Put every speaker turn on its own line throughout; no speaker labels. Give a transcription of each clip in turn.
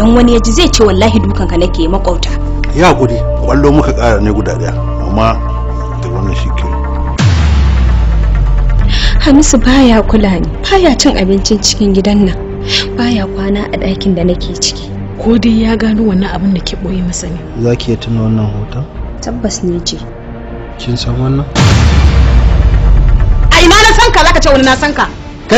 idan wani ya ji zai ce wallahi dukan ka nake makauta ya gudi kwallo muka kara ne guda daya amma da wannan shi ke hamisu baya kula ni baya cin abincin cikin gidan nan baya kwana a ɗakin da nake ciki ko dai ya gano wannan abin da ke ɓoye masa ne za ki iya tuna wannan hoton tabbas ne ce kin san wannan a ina na za ka zaka ce wani na sanka. ka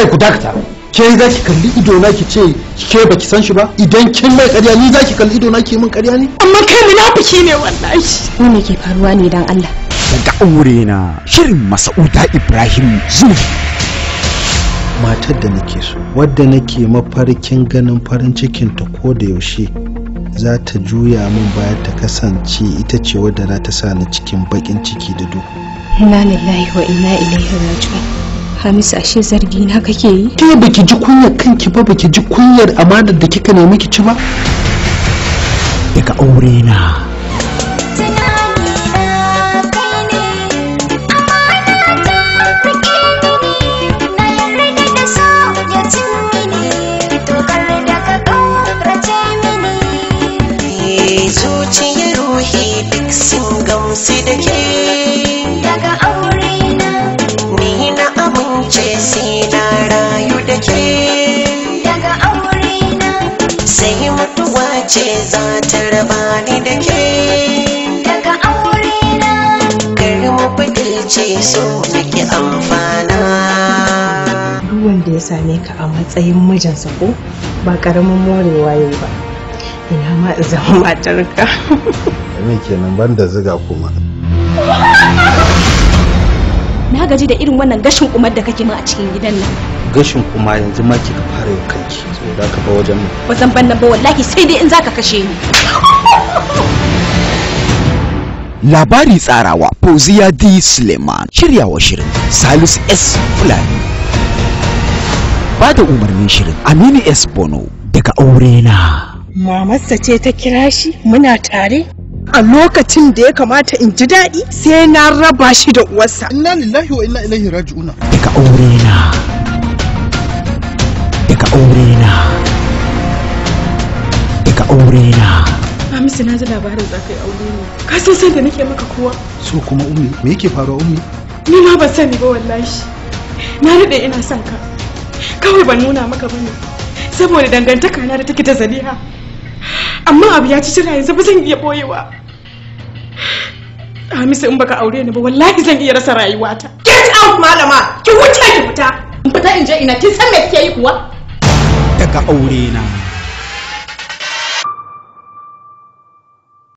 kai ku dakata ke za ki kalli ido na ki ce ke ba ki san shi ba idan kin mai karya ni za ki kalli ido na ki min karya ne amma kai munafiki ne wallahi ko ne ke faruwa ne dan Allah daga aure na shirin Masauda Ibrahim Zuri matar da nake so wadda nake mafarkin ganin farin cikin ta ko da yaushe za ta juya min baya ta kasance ita ce wadda za ta sa ni cikin bakin ciki da duhu inna lillahi wa inna ilaihi raji'un hamis ashe zargi na kake yi? Ke baki ji kunyar kanki ba baki ji kunyar amanar da kika nemi ki ci ba? Daga aure na. zuciyar ruhi duk sun gamsu da ke daga aure ce za ta raba ni da ke daga aure na kar mu fitilce so nake amfana duk wanda ya same ka a matsayin mijinsa ko ba karamin morewa yi ba ina ma zama matarka me kenan banda ziga kuma na gaji da irin wannan gashin kumar da kake ma a cikin gidan nan gashin kuma yanzu ma kika fara yin kanki saboda ka ba wajen mu ba ban nan ba wallahi sai dai in zaka kashe ni labari tsarawa fauziya d suleiman shiryawa shirin salus s fulani ba da umarnin shirin aminu s bono daga aure na mamarsa ce ta kira shi muna tare a lokacin da ya kamata in ji daɗi sai na raba shi da uwarsa inna lillahi wa inna ilaihi raji'una daga aure na ka aure na ka aure na Hamisu na ji labarin za ka yi aure ne ka san san nake maka kowa so kuma umi me yake faruwa ummi ni ma ban sani ba wallahi na daɗe ina son ka kawai ban nuna maka bane saboda dangantaka na da take ta zaliha amma abu ya ci cira yanzu ba zan iya boyewa Hamisu in baka aure ni ba wallahi zan iya rasa rayuwata get out malama ki wuce ki fita in fita in je ina kin san me kike yi kuwa kaulina.